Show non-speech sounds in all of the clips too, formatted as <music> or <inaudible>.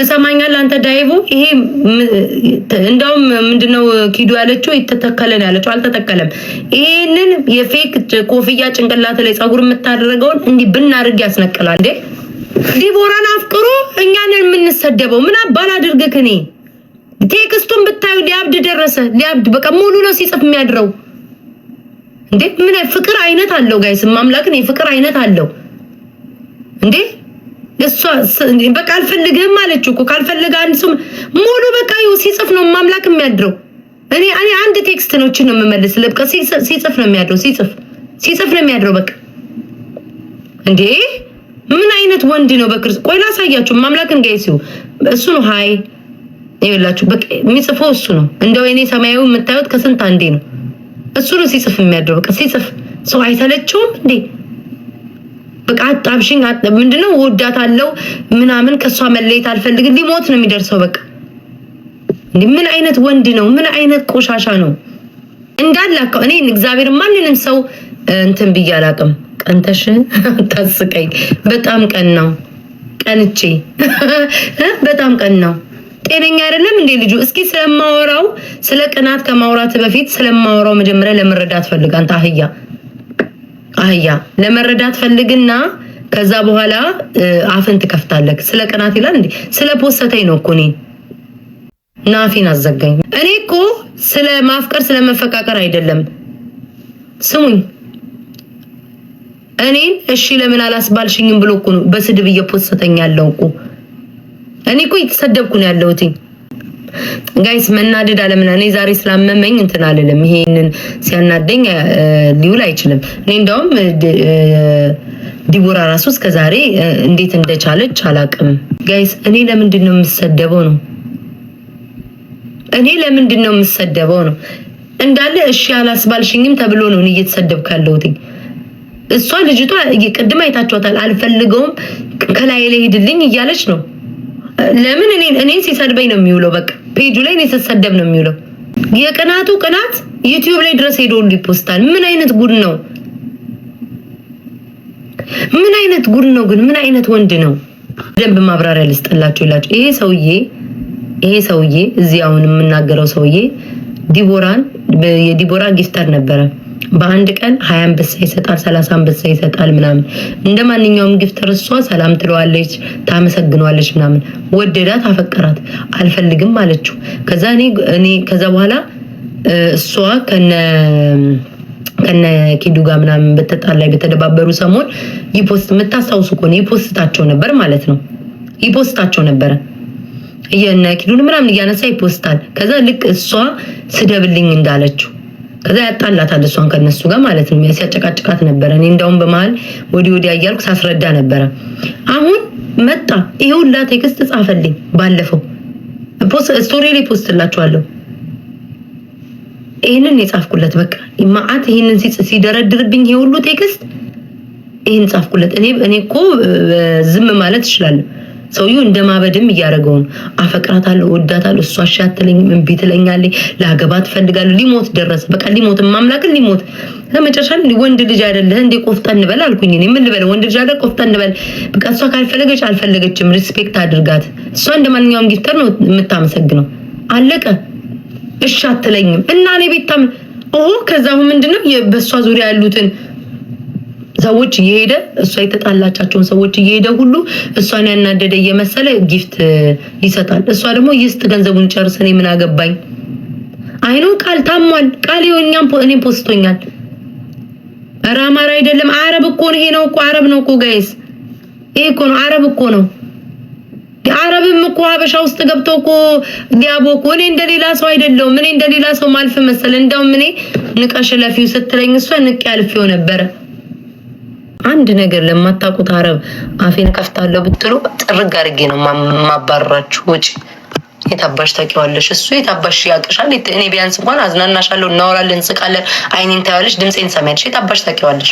ትሰማኛል አንተ ዳይቡ፣ ይሄ እንደውም ምንድነው ኪዱ ያለችው ይተተከለን ያለችው አልተተከለም። ይሄንን የፌክ ኮፍያ ጭንቅላት ላይ ጸጉር የምታደርገውን እንዲህ ብናርግ ያስነቅላል እንዴ! ዲቦራን አፍቅሮ እኛንን የምንሰደበው ምን አባል አድርግክ? እኔ ቴክስቱን ብታዩ ሊያብድ ደረሰ፣ ሊያብድ በቃ ሙሉ ነው ሲጽፍ የሚያድረው እንዴ! ምን ፍቅር አይነት አለው ጋይስ፣ ማምላክን የፍቅር አይነት አለው እንዴ! እሷ በቃ አልፈልግህም አለችው እኮ ካልፈለገ አንድ ሰው ሙሉ በቃ ይኸው ሲጽፍ ነው ማምላክ የሚያድረው። እኔ እኔ አንድ ቴክስት ነው እችን ነው የምመልስ ሲጽፍ ነው የሚያድረው። ሲጽፍ ሲጽፍ ነው የሚያድረው። በቃ እንዴ ምን አይነት ወንድ ነው? በክርስቶስ ቆይ ላሳያችሁ። ሲው እሱ ነው ሀይ በቃ የሚጽፈው እሱ ነው። እንደው እኔ ሰማያዊ የምታዩት ከስንት አንዴ ነው። እሱ ነው ሲጽፍ የሚያድረው። በቃ ሲጽፍ ሰው አይተለችውም እንዴ በቃ አጣብሽኝ፣ ምንድነው አለው ምናምን ከሷ መለየት አልፈልግም። ሊሞት ነው የሚደርሰው። በቃ ምን አይነት ወንድ ነው? ምን አይነት ቆሻሻ ነው? እንዳላከው እኔ እግዚአብሔር ማንንም ሰው እንትን ብዬ አላቅም። ቀንተሽ <laughs> ታስቀኝ። በጣም ቀን ነው ቀንቼ፣ <laughs> በጣም ቀን ነው። ጤነኛ አይደለም እንዴ ልጁ? እስኪ ስለማወራው ስለ ቅናት ከማውራት በፊት ስለማወራው መጀመሪያ ለመረዳት ፈልጋን ታህያ አህያ አህያ ለመረዳት ፈልግና ከዛ በኋላ አፍን ትከፍታለህ። ስለ ቅናት ይላል እንዴ? ስለ ፖሰተኝ ነው እኮ እኔ ናፊን አዘጋኝ። እኔ እኮ ስለ ማፍቀር ስለ መፈቃቀር አይደለም። ስሙኝ፣ እኔን እሺ ለምን አላስባልሽኝም ብሎ እኮ ነው በስድብ እየፖሰተኝ ያለው እኮ እኔ እኮ እየተሰደብኩ ነው ያለሁትኝ። ጋይስ መናደድ አለምና እኔ ዛሬ ስላመመኝ እንትን አልልም። ይሄንን ሲያናደኝ ሊውል አይችልም። እኔ እንደውም ዲቦራ ራሱ እስከዛሬ እንዴት እንደቻለች አላቅም። ጋይስ እኔ ለምንድን ነው የምሰደበው ነው እኔ ለምንድን ነው የምሰደበው ነው እንዳለ እሺ አላስባልሽኝም ተብሎ ነው እየተሰደብኩ ያለሁት። እሷ ልጅቷ ቅድም አይታችኋታል። አልፈልገውም ከላይ ላይ ሄድልኝ እያለች ነው ለምን እኔን ሲሰድበኝ ነው የሚውለው። በቃ ፔጁ ላይ እኔ ስሰደብ ነው የሚውለው። የቅናቱ ቅናት ዩቲዩብ ላይ ድረስ ሄዶ እንዲፖስታል። ይፖስታል። ምን አይነት ጉድ ነው? ምን አይነት ጉድ ነው? ግን ምን አይነት ወንድ ነው? ደንብ ማብራሪያ ልስጥላችሁ ይላችሁ። ይሄ ሰውዬ ይሄ ሰውዬ እዚህ አሁን የምናገረው ሰውዬ ዲቦራን የዲቦራ ጊፍተር ነበረ። በአንድ ቀን ሀያ አንበሳ ይሰጣል፣ ሰላሳ አንበሳ ይሰጣል ምናምን። እንደ ማንኛውም ግፍተር እሷ ሰላም ትለዋለች፣ ታመሰግነዋለች ምናምን። ወደዳት፣ አፈቀራት፣ አልፈልግም አለችው። ከዛ እኔ እኔ ከዛ በኋላ እሷ ከነ ከነ ኪዱ ጋር ምናምን በተጣላይ በተደባበሩ ሰሞን ይፖስት የምታስታውሱ ከሆነ ይፖስታቸው ነበር ማለት ነው። ይፖስታቸው ነበረ እየነ ኪዱን ምናምን እያነሳ ይፖስታል። ከዛ ልክ እሷ ስደብልኝ እንዳለችው ከዛ ያጣላታል እሷን ከነሱ ጋር ማለት ነው። ሲያጨቃጭቃት ነበረ። እኔ እንደውም በመሀል ወዲህ ወዲያ እያልኩ ሳስረዳ ነበረ። አሁን መጣ። ይሄ ሁላ ቴክስት ጻፈልኝ። ባለፈው ስቶሪ ላይ ፖስት ይህንን የጻፍኩለት በቃ ይማአት ይህንን ሲደረድርብኝ ይሄ ሁሉ ቴክስት ይህን ጻፍኩለት። እኔ እኔ እኮ ዝም ማለት እችላለሁ ሰውዬው እንደማበድም እያደረገውን አፈቅራታለሁ፣ እወዳታለሁ፣ እሷ እሺ አትለኝም፣ እምቢ ትለኛለች፣ ላገባ ትፈልጋለሁ። ሊሞት ደረሰ። በቃ ሊሞት ማምላክን ሊሞት ለመጨረሻ ወንድ ልጅ አይደለህ እንዴ? ቆፍጠን እንበል አልኩኝ። ምን ልበል? ወንድ ልጅ አይደል? ቆፍጠን እንበል በቃ። እሷ ካልፈለገች አልፈለገችም። ሪስፔክት አድርጋት። እሷ እንደ ማንኛውም ጊፍተር ነው የምታመሰግነው። አለቀ። እሺ አትለኝም እና እኔ ቤታም ኦ ከዛ ምንድነው በእሷ ዙሪያ ያሉትን ሰዎች እየሄደ እሷ የተጣላቻቸውን ሰዎች እየሄደ ሁሉ እሷን ያናደደ እየመሰለ ጊፍት ይሰጣል። እሷ ደግሞ ይስጥ ገንዘቡን ጨርስ፣ እኔ ምን አገባኝ። አይኖ ቃል ታሟል። ቃል የኛም እኔም ፖስቶኛል። ኧረ አማራ አይደለም አረብ እኮ ነው። ይሄ ነው እኮ አረብ ነው እኮ ጋይስ፣ ይሄ እኮ ነው አረብ እኮ ነው። አረብም እኮ ሀበሻ ውስጥ ገብቶ እኮ ዲያቦ እኮ እኔ እንደሌላ ሰው አይደለሁም። እኔ እንደሌላ ሰው ማልፍ መሰለ። እንደውም እኔ ንቀሽ ለፊው ስትለኝ እሷ ንቄ አልፌው ነበረ። አንድ ነገር ለማታውቁት አረብ አፌን ከፍታለሁ ብትሉ ጥርግ አድርጌ ነው ማባረራችሁ። ውጭ የታባሽ ታውቂዋለሽ፣ እሱ የታባሽ ያቅሻል። እኔ ቢያንስ እንኳን አዝናናሻለሁ፣ እናወራለን፣ እንስቃለን፣ አይኔን ታያለሽ፣ ድምፄን ሰሚያለሽ። የታባሽ ታውቂዋለሽ።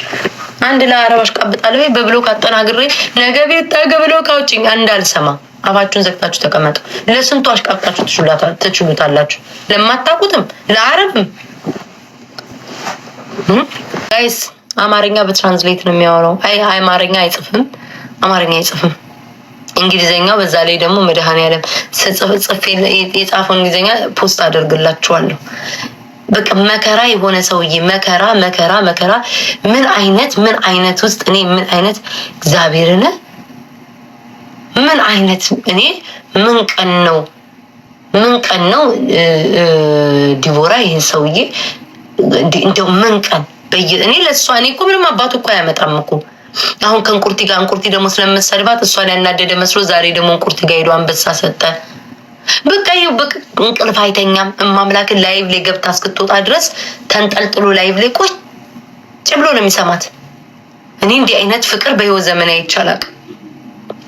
አንድ ለአረብ አሽቃብጣለሁ ወይ በብሎክ አጠናግሬ ነገ ቤት ጠገ ብሎክ አውጪኝ እንዳልሰማ አፋችሁን ዘግታችሁ ተቀመጡ። ለስንቱ አሽቃብጣችሁ ትችሉታላችሁ። ለማታውቁትም ለአረብም ጋይስ አማርኛ በትራንስሌት ነው የሚያወራው። አይ አማርኛ አይጽፍም፣ አማርኛ አይጽፍም። እንግሊዝኛው በዛ ላይ ደግሞ መድኃኔዓለም ጽፌ የጻፈው እንግሊዝኛ ፖስት አደርግላችኋለሁ። በቃ መከራ የሆነ ሰውዬ መከራ መከራ መከራ። ምን አይነት ምን አይነት ውስጥ እኔ ምን አይነት እግዚአብሔርን ምን አይነት እኔ ምን ቀን ነው ምን ቀን ነው ዲቦራ ይህን ሰውዬ እንደው ምን ቀን እኔ ለእሷ እኔ እኮ ምንም አባቱ እኮ አያመጣም እኮ አሁን ከእንቁርቲ ጋር እንቁርቲ ደግሞ ስለምሰድባት እሷን ያናደደ መስሎ ዛሬ ደግሞ እንቁርቲ ጋር ሄዶ አንበሳ ሰጠ። በቃ ይኸው በቃ እንቅልፍ አይተኛም። እማምላክን ላይቭ ላይ ገብታ እስክትወጣ ድረስ ተንጠልጥሎ ላይቭ ላይ ቁጭ ብሎ ነው የሚሰማት። እኔ እንዲህ አይነት ፍቅር በህይወት ዘመን አይቻላል።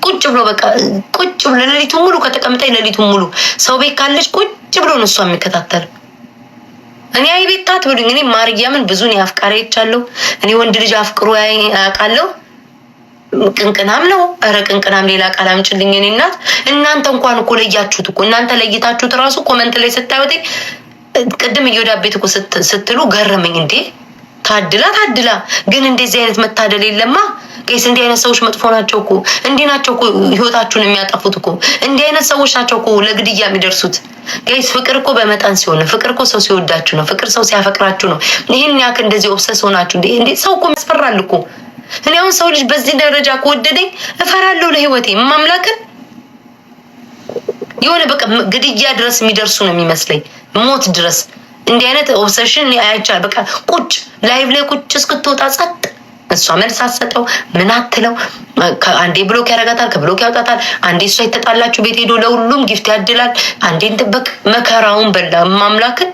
ቁጭ ብሎ በቃ ቁጭ ብሎ ሌሊቱን ሙሉ ከተቀምጠኝ ሌሊቱን ሙሉ ሰው ቤት ካለች ቁጭ ብሎ ነው እሷ የሚከታተል እኔ አይቤት ታት ብሉኝ። እኔ ማርያምን ብዙ ነው አይቻለሁ። እኔ ወንድ ልጅ አፍቅሮ ያውቃለሁ። ቅንቅናም ነው። እረ ቅንቅናም ሌላ ቃል አምጪልኝ። እኔ እናት እናንተ እንኳን እኮ ለያችሁት እኮ እናንተ ለይታችሁት ራሱ ኮመንት ላይ ስታዩት ቅድም እየወዳቤት እኮ ስትሉ ገረመኝ እንዴ ታድላ ታድላ ግን እንደዚህ አይነት መታደል የለማ። ቄስ እንዲህ አይነት ሰዎች መጥፎ ናቸው እኮ እንዲህ ናቸው እኮ ህይወታችሁን የሚያጠፉት እኮ እንዲህ አይነት ሰዎች ናቸው እኮ ለግድያ የሚደርሱት። ቄስ ፍቅር እኮ በመጠን ሲሆን ፍቅር እኮ ሰው ሲወዳችሁ ነው። ፍቅር ሰው ሲያፈቅራችሁ ነው። ይህን ያክ እንደዚህ ኦብሰስ ሆናችሁ እንዴ! ሰው እኮ ያስፈራል እኮ። እኔ አሁን ሰው ልጅ በዚህ ደረጃ ከወደደኝ እፈራለሁ ለህይወቴ ማምላክን የሆነ በቃ ግድያ ድረስ የሚደርሱ ነው የሚመስለኝ ሞት ድረስ እንዲህ አይነት ኦብሰሽን ያቻል በቃ ቁጭ ላይቭ ላይ ቁጭ እስክትወጣ ጸጥ እሷ መልስ አትሰጠው ምን አትለው። አንዴ ብሎክ ያረጋታል፣ ከብሎክ ያውጣታል። አንዴ እሷ የተጣላችሁ ቤት ሄዶ ለሁሉም ጊፍት ያድላል። አንዴ እንጥበቅ መከራውን በላ ማምላክን።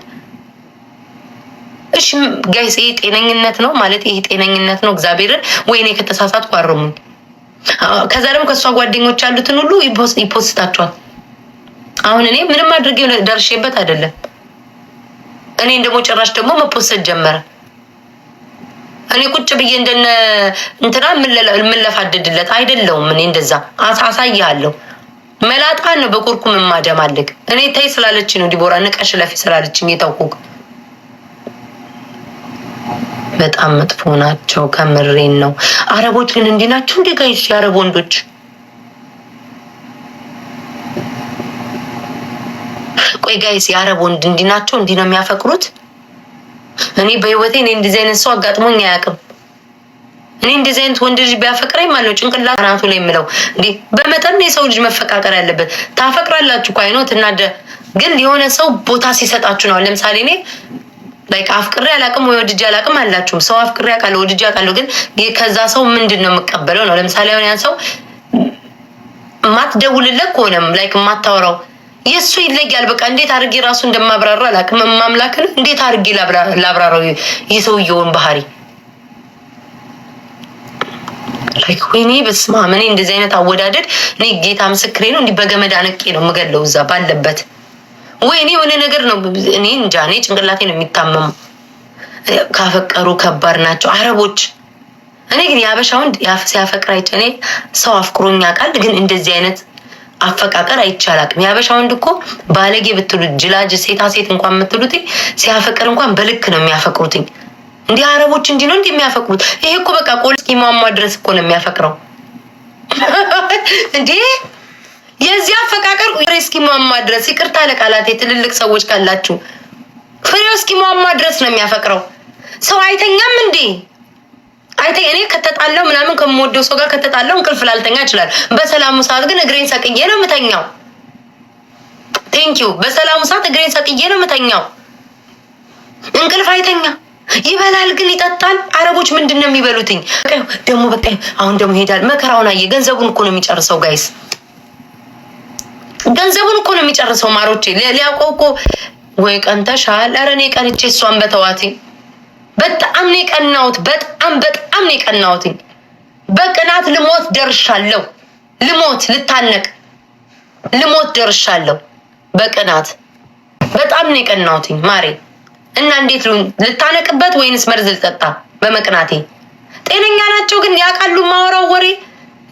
እሺ ጋይስ ይሄ ጤነኝነት ነው ማለት ይሄ ጤነኝነት ነው። እግዚአብሔርን ወይኔ ከተሳሳትኩ አረሙኝ። ከዛ ደግሞ ከእሷ ጓደኞች ያሉትን ሁሉ ይፖስታቸዋል። አሁን እኔ ምንም አድርጌ ደርሼበት አይደለም እኔን ደግሞ ጭራሽ ደግሞ መፖሰት ጀመረ። እኔ ቁጭ ብዬ እንደነ እንትና የምለፋደድለት አይደለውም። እኔ እንደዛ አሳያለሁ። መላጣ ነው በቁርኩም የማደማልግ። እኔ ተይ ስላለች ነው ዲቦራ ንቀሽ ለፊ ስላለችኝ የታወቁ በጣም መጥፎ ናቸው። ከምሬን ነው። አረቦች ግን እንዲህ ናቸው። እንዲህ ጋይስ የአረብ ወንዶች ቆይ ጋይስ፣ የአረብ ወንድ እንዲህ ናቸው፣ እንዲህ ነው የሚያፈቅሩት። እኔ በህይወቴ እኔ እንደዚህ አይነት ሰው አጋጥሞኝ አያውቅም። እኔ እንደዚህ አይነት ወንድ ልጅ ቢያፈቅረኝ ማለት ነው ጭንቅላት ናቱ ላይ የምለው እንዴ፣ በመጠን የሰው ልጅ መፈቃቀር ያለበት ታፈቅራላችሁ እኮ አይኖት እናደ ግን የሆነ ሰው ቦታ ሲሰጣችሁ ነው። ለምሳሌ እኔ ላይክ አፍቅሬ አላቅም ወይ ወድጄ አላቅም አላችሁም። ሰው አፍቅሬ አውቃለሁ ወድጄ አውቃለሁ፣ ግን ከዛ ሰው ምንድን ነው የምቀበለው ነው። ለምሳሌ ያን ሰው ማትደውልለት ከሆነም ላይክ ማታወራው የእሱ ይለያል። በቃ እንዴት አድርጌ ራሱ እንደማብራራ አላውቅም። ማምላክን እንዴት አድርጌ ላብራራው የሰውየውን ባህሪ ላይክ ወይኔ በስማ አብ እኔ እንደዚህ አይነት አወዳደድ እኔ ጌታ ምስክሬ ነው። እንዲህ በገመድ አነቄ ነው የምገለው እዛ ባለበት። ወይ እኔ የሆነ ነገር ነው እኔ እንጃ። እኔ ጭንቅላቴ ነው የሚታመሙ። ካፈቀሩ ከባድ ናቸው አረቦች። እኔ ግን የአበሻ ወንድ ሲያፈቅር አይቼ እኔ ሰው አፍቅሮኛ ቃል ግን እንደዚህ አይነት አፈቃቀር አይቻል አቅም የሀበሻ ወንድ እኮ ባለጌ ብትሉት ጅላጅ ሴታ ሴት እንኳን የምትሉት ሲያፈቅር እንኳን በልክ ነው የሚያፈቅሩትኝ። እንዲህ አረቦች እንጂ ነው እንዲህ የሚያፈቅሩት። ይሄ እኮ በቃ ቆል እስኪሟሟ ድረስ እኮ ነው የሚያፈቅረው። እንዲህ የዚህ አፈቃቀር ፍሬ እስኪሟሟ ድረስ ይቅርታ ለቃላት የትልልቅ ሰዎች ካላችሁ ፍሬው እስኪሟሟ ድረስ ነው የሚያፈቅረው። ሰው አይተኛም እንዴ? አይ እኔ ከተጣለው ምናምን ከምወደው ሰው ጋር ከተጣለው እንቅልፍ ላልተኛ ይችላል። በሰላሙ ሰዓት ግን እግሬን ሰቅዬ ነው የምተኛው። ቴንክ በሰላሙ ሰዓት እግሬን ሰቅዬ ነው የምተኛው። እንቅልፍ አይተኛ ይበላል ግን ይጠጣል። አረቦች ምንድን ነው የሚበሉትኝ? ደግሞ በቃ አሁን ደግሞ ይሄዳል። መከራውን አየ። ገንዘቡን እኮ ነው የሚጨርሰው ጋይስ፣ ገንዘቡን እኮ ነው የሚጨርሰው። ማሮቼ ሊያውቀው እኮ ወይ ቀንተሻል፣ ኧረ እኔ ቀንቼ እሷን በተዋቴ በጣም ነው የቀናሁት። በጣም በጣም ነው የቀናሁትኝ። በቅናት ልሞት ደርሻለሁ። ልሞት ልታነቅ ልሞት ደርሻለሁ። በቅናት በጣም ነው የቀናሁትኝ ማሬ። እና እንዴት ልታነቅበት ወይንስ መርዝ ልጠጣ? በመቅናቴ ጤነኛ ናቸው ግን ያውቃሉ። ማወራው ወሬ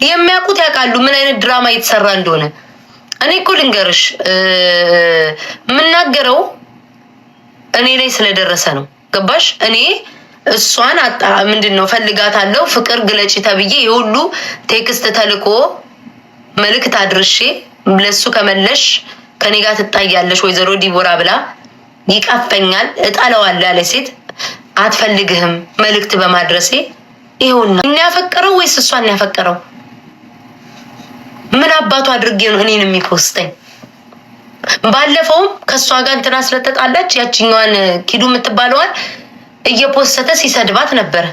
የሚያውቁት ያውቃሉ፣ ምን አይነት ድራማ እየተሰራ እንደሆነ። እኔ እኮ ልንገርሽ የምናገረው እኔ ላይ ስለደረሰ ነው። ገባሽ? እኔ እሷን አጣ ምንድን ነው ፈልጋታለሁ፣ ፍቅር ግለጪ ተብዬ የሁሉ ቴክስት ተልኮ መልእክት አድርሼ ለሱ ከመለሽ ከኔ ጋር ትታያለሽ ወይዘሮ ዲቦራ ብላ ይቀፈኛል፣ እጣለዋለሁ ያለ ሴት አትፈልግህም መልእክት በማድረሴ ይሁና እኔ ያፈቀረው ወይስ እሷን ያፈቀረው? ምን አባቱ አድርጌ ነው እኔን የሚኮስተኝ? ባለፈውም ከእሷ ጋር እንትና ስለተጣላች ያችኛዋን ኪዱ የምትባለዋል እየፖሰተ ሲሰድባት ነበረ።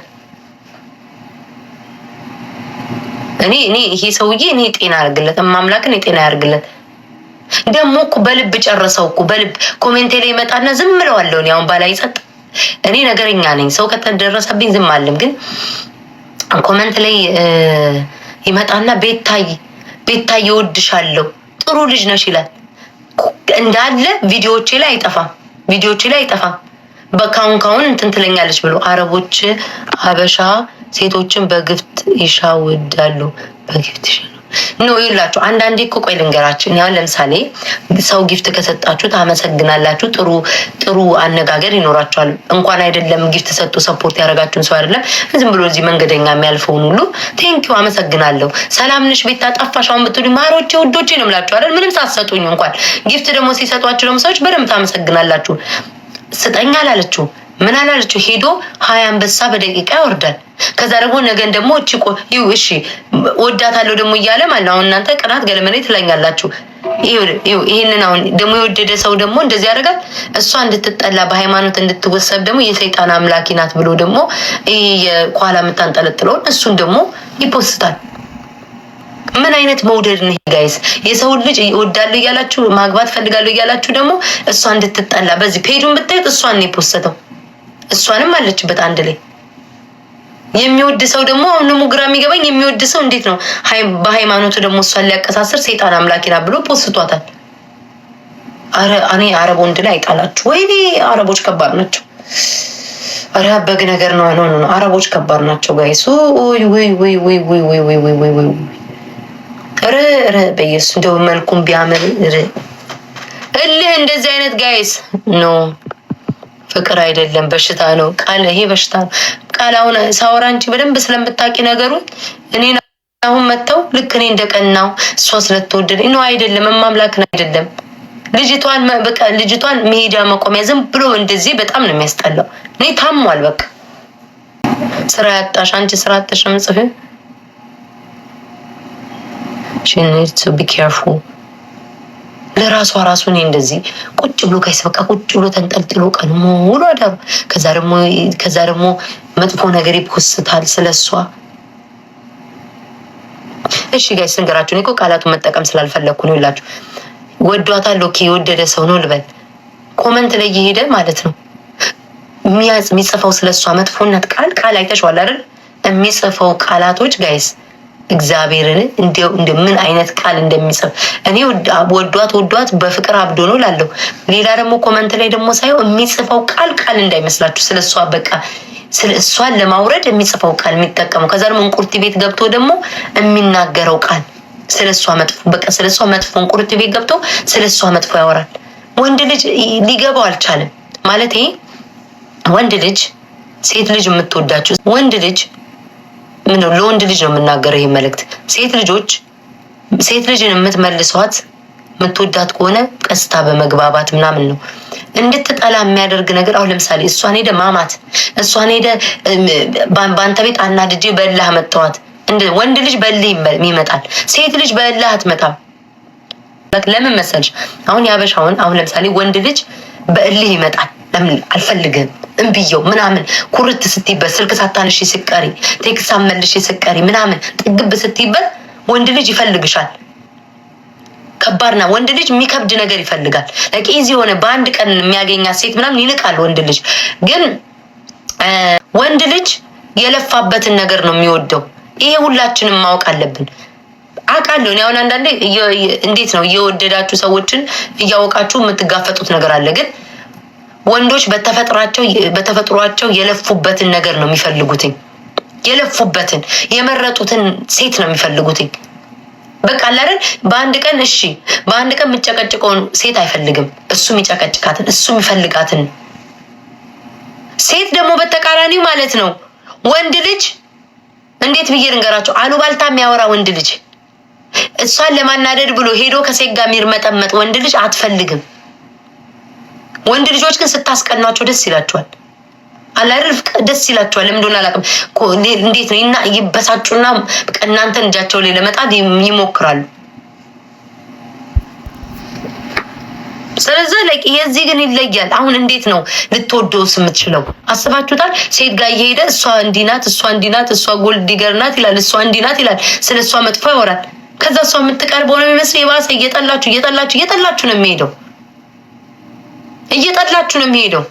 እኔ እኔ ይሄ ሰውዬ እኔ ጤና ያርግለት፣ ማምላክን የጤና ያርግለት። ደግሞ እኮ በልብ ጨረሰው እኮ በልብ ኮሜንቴ ላይ ይመጣና ዝም እለዋለሁ። እኔ አሁን ባላይ ጸጥ እኔ ነገረኛ ነኝ። ሰው ከተደረሰብኝ ዝም አለም። ግን ኮመንት ላይ ይመጣና ቤታይ ቤታይ እወድሻለሁ፣ ጥሩ ልጅ ነሽ ይላል። እንዳለ ቪዲዮዎቼ ላይ አይጠፋም፣ ቪዲዮዎቼ ላይ አይጠፋም። በካሁን ካሁን እንትን ትለኛለች ብሎ አረቦች ሀበሻ ሴቶችን በግፍት ይሻውዳሉ በግፍት ይሻ ኖ ይላችሁ። አንዳንዴ እኮ ቆይ ልንገራችሁ። ያው ለምሳሌ ሰው ጊፍት ከሰጣችሁ ታመሰግናላችሁ፣ ጥሩ ጥሩ አነጋገር ይኖራችኋል። እንኳን አይደለም ጊፍት ሰጡ ሰፖርት ያደረጋችሁን ሰው አይደለም ዝም ብሎ እዚህ መንገደኛ የሚያልፈውን ሁሉ ቴንኪው አመሰግናለሁ፣ ሰላም ነሽ፣ ቤት ጠፋሽ አሁን ብትሉ ማሮቼ፣ ውዶቼ ነው የምላችሁ አይደል? ምንም ሳትሰጡኝ እንኳን ጊፍት ደግሞ ሲሰጧችሁ ደግሞ ሰዎች በደንብ ታመሰግናላችሁ። ስጠኝ አላለችው ምን አላለችው? ሄዶ ሀያ አንበሳ በደቂቃ ያወርዳል። ከዛ ደግሞ ነገን ደግሞ እቺ ይው እሺ ወዳታለሁ ደግሞ እያለ ማለት ነው። አሁን እናንተ ቅናት ገለመኔ ትለኛላችሁ። ይህንን አሁን ደግሞ የወደደ ሰው ደግሞ እንደዚህ ያደርጋል። እሷ እንድትጠላ በሃይማኖት እንድትወሰብ ደግሞ የሰይጣን አምላኪ ናት ብሎ ደግሞ የኋላ የምታንጠለጥለውን እሱን ደግሞ ይፖስታል። ምን አይነት መውደድ ነው ጋይስ? የሰውን ልጅ ወዳለሁ እያላችሁ ማግባት ፈልጋለሁ እያላችሁ ደግሞ እሷ እንድትጠላ በዚህ ፔጁን ብታየት እሷን ነው የፖሰተው። እሷንም አለችበት አንድ ላይ የሚወድ ሰው ደግሞ አሁን ግራ የሚገባኝ የሚወድ ሰው እንዴት ነው በሃይማኖቱ ደግሞ እሷን ሊያቀሳስር ሴጣን አምላኪና ብሎ ፖስቷታል። እኔ አረብ ወንድ ላይ አይጣላችሁ ወይኔ አረቦች ከባድ ናቸው። ኧረ በግ ነገር ነው ነው ነው አረቦች ከባድ ናቸው ጋይሱ ወይ በየሱ እንደው መልኩም ቢያምር እልህ እንደዚህ አይነት ጋይስ ነው ፍቅር አይደለም በሽታ ነው። ቃል ይሄ በሽታ ነው። ቃል አሁን ሳወራ አንቺ በደንብ ስለምታውቂ ነገሩን እኔ አሁን መጥተው ልክ እኔ እንደቀናው እሷ ስለተወደደ ነው አይደለም፣ ማምላክን አይደለም ልጅቷን በቃ ልጅቷን መሄጃ መቆሚያ ዝም ብሎ እንደዚህ በጣም ነው የሚያስጠላው። እኔ ታሟል በቃ ስራ ያጣሽ አንቺ ስራ አጥተሽ ምጽፍ ሺ ኒድ ቱ ቢ ኬርፉል ለራሷ ራሱ እኔ እንደዚህ ቁጭ ብሎ ጋይስ በቃ ቁጭ ብሎ ተንጠልጥሎ ቀን ሙሉ አዳር። ከዛ ደግሞ መጥፎ ነገር ይፖስታል ስለሷ። እሺ ጋይስ ንገራችሁ። እኔ እኮ ቃላቱን መጠቀም ስላልፈለግኩ ነው ይላችሁ። ወዷታል። ኦኬ የወደደ ሰው ነው ልበል። ኮመንት ላይ እየሄደ ማለት ነው የሚጽፈው ስለሷ መጥፎነት ቃል ቃል አይተሸዋል አይደል? የሚጽፈው ቃላቶች ጋይስ እግዚአብሔርን እንዲው ምን አይነት ቃል እንደሚጽፍ እኔ ወዷት ወዷት በፍቅር አብዶ ነው ላለው። ሌላ ደግሞ ኮመንት ላይ ደግሞ ሳየው የሚጽፈው ቃል ቃል እንዳይመስላችሁ ስለ እሷ በቃ ስለ እሷን ለማውረድ የሚጽፈው ቃል የሚጠቀመው ከዛ ደግሞ እንቁርት ቤት ገብቶ ደግሞ የሚናገረው ቃል ስለ እሷ መጥፎ በቃ ስለ እሷ መጥፎ እንቁርት ቤት ገብቶ ስለ እሷ መጥፎ ያወራል። ወንድ ልጅ ሊገባው አልቻለም ማለት ወንድ ልጅ ሴት ልጅ የምትወዳችሁ ወንድ ልጅ ምነው ለወንድ ልጅ ነው የምናገረው ይህ መልእክት። ሴት ልጆች ሴት ልጅን የምትመልሷት የምትወዳት ከሆነ ቀስታ በመግባባት ምናምን ነው። እንድትጠላ የሚያደርግ ነገር አሁን ለምሳሌ እሷን ሄደ ማማት፣ እሷን ሄደ በአንተ ቤት አናድጄ በላህ መተዋት። ወንድ ልጅ በልህ ይመጣል፣ ሴት ልጅ በላህ አትመጣም። ለምን መሰልሽ? አሁን ያበሻውን አሁን ለምሳሌ ወንድ ልጅ በእልህ ይመጣል ለምን አልፈልግም እምብየው ምናምን ኩርት ስትይበት ስልክ ሳታንሽ ስቀሪ ቴክስት ሳትመልሺ ስቀሪ ምናምን ጥግብ ስትይበት ወንድ ልጅ ይፈልግሻል። ከባድና ወንድ ልጅ የሚከብድ ነገር ይፈልጋል። ለቂ እዚህ የሆነ በአንድ ቀን የሚያገኛት ሴት ምናምን ይንቃል። ወንድ ልጅ ግን ወንድ ልጅ የለፋበትን ነገር ነው የሚወደው። ይሄ ሁላችንም ማወቅ አለብን። አውቃለሁ እኔ አሁን አንዳንዴ እንዴት ነው እየወደዳችሁ ሰዎችን እያወቃችሁ የምትጋፈጡት ነገር አለ ግን ወንዶች በተፈጥሯቸው በተፈጥሯቸው የለፉበትን ነገር ነው የሚፈልጉትኝ። የለፉበትን የመረጡትን ሴት ነው የሚፈልጉትኝ። በቃ አላደል በአንድ ቀን እሺ፣ በአንድ ቀን የምጨቀጭቀውን ሴት አይፈልግም። እሱ የሚጨቀጭቃትን እሱ የሚፈልጋትን ሴት ደግሞ በተቃራኒው ማለት ነው። ወንድ ልጅ እንዴት ብዬ ልንገራቸው? አሉባልታ የሚያወራ ወንድ ልጅ እሷን ለማናደድ ብሎ ሄዶ ከሴት ጋር የሚርመጠመጥ ወንድ ልጅ አትፈልግም። ወንድ ልጆች ግን ስታስቀናቸው ደስ ይላቸዋል። አላርፍ ደስ ይላቸዋል። ለምን እንደሆነ አላውቅም። እንዴት ነው እና ይበሳጩና እናንተን እጃቸው ላይ ለመጣል ይሞክራሉ። ስለዚህ ላይክ የዚህ ግን ይለያል። አሁን እንዴት ነው ልትወደው የምትችለው? አስባችሁታል? ሴት ጋር እየሄደ እሷ እንዲናት፣ እሷ እንዲናት፣ እሷ ጎልድ ዲገር ናት ይላል፣ እሷ እንዲናት ይላል፣ ስለ እሷ መጥፎ ያወራል። ከዛ እሷ የምትቀርበው ነው የሚመስል የባሰ እየጠላችሁ እየጠላችሁ እየጠላችሁ ነው የሚሄደው። እየጠላችሁ ነው የሚሄደው።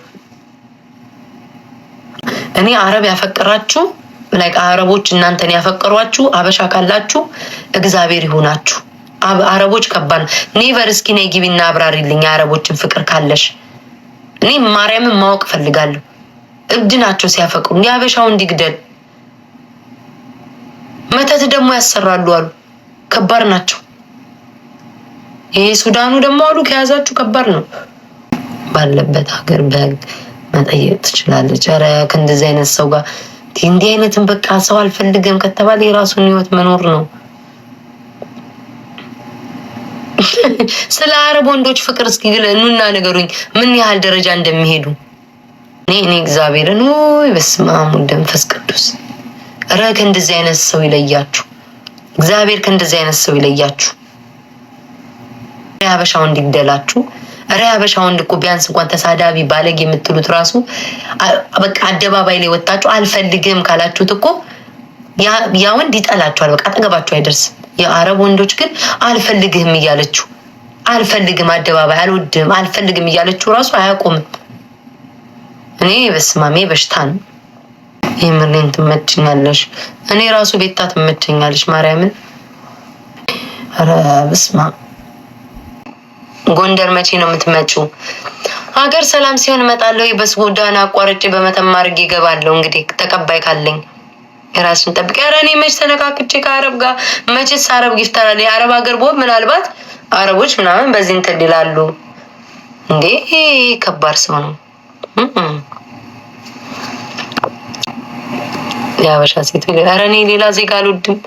እኔ አረብ ያፈቀራችሁ ላይ አረቦች እናንተን ያፈቀሯችሁ አበሻ ካላችሁ እግዚአብሔር ይሁናችሁ። አረቦች ከባድ ኔቨር። እስኪ ነይ ግቢና አብራሪልኝ የአረቦችን ፍቅር ካለሽ። እኔ ማርያምን ማወቅ እፈልጋለሁ። እብድ ናቸው ሲያፈቅሩ። የአበሻው እንዲግደል መተት ደግሞ ያሰራሉ አሉ። ከባድ ናቸው። ይሄ ሱዳኑ ደግሞ አሉ ከያዛችሁ ከባድ ነው። ባለበት ሀገር በህግ መጠየቅ ትችላለች። ኧረ ከእንደዚህ አይነት ሰው ጋር እንዲህ አይነትን በቃ ሰው አልፈልግም ከተባለ የራሱን ህይወት መኖር ነው። <laughs> ስለ አረብ ወንዶች ፍቅር እስኪ ኑና ነገሩኝ፣ ምን ያህል ደረጃ እንደሚሄዱ እኔ እኔ እግዚአብሔርን ወይ በስመ አብ ወወልድ ወመንፈስ ቅዱስ። ኧረ ከእንደዚህ አይነት ሰው ይለያችሁ፣ እግዚአብሔር ከእንደዚህ አይነት ሰው ይለያችሁ። የሀበሻው እንዲደላችሁ? ረ አበሻ ወንድ እኮ ቢያንስ እንኳን ተሳዳቢ ባለግ የምትሉት ራሱ በቃ አደባባይ ላይ ወጣችሁ አልፈልግም ካላችሁት እኮ ያ ወንድ ይጠላችኋል። በቃ አጠገባችሁ አይደርስም። የአረብ ወንዶች ግን አልፈልግህም እያለችው አልፈልግም አደባባይ አልወድም አልፈልግም እያለችው ራሱ አያቆምም። እኔ በስማሜ በሽታ ነው። የምሬን ትመችኛለሽ። እኔ ራሱ ቤታ ትመችኛለሽ። ማርያምን ኧረ በስመ ጎንደር መቼ ነው የምትመጪው? ሀገር ሰላም ሲሆን እመጣለሁ። የበስ ጎዳና አቋርጬ በመተማ አድርጌ እገባለሁ። እንግዲህ ተቀባይ ካለኝ የራስን ጠብቅ። ኧረ እኔ መች ተነካክቼ ከአረብ ጋር መችስ አረብ ጊፍታራል የአረብ ሀገር ቦ ምናልባት አረቦች ምናምን በዚህ እንትን ይላሉ እንዴ። ከባድ ሰው ነው የሀበሻ ሴት። ኧረ እኔ ሌላ ዜጋ አልወድም።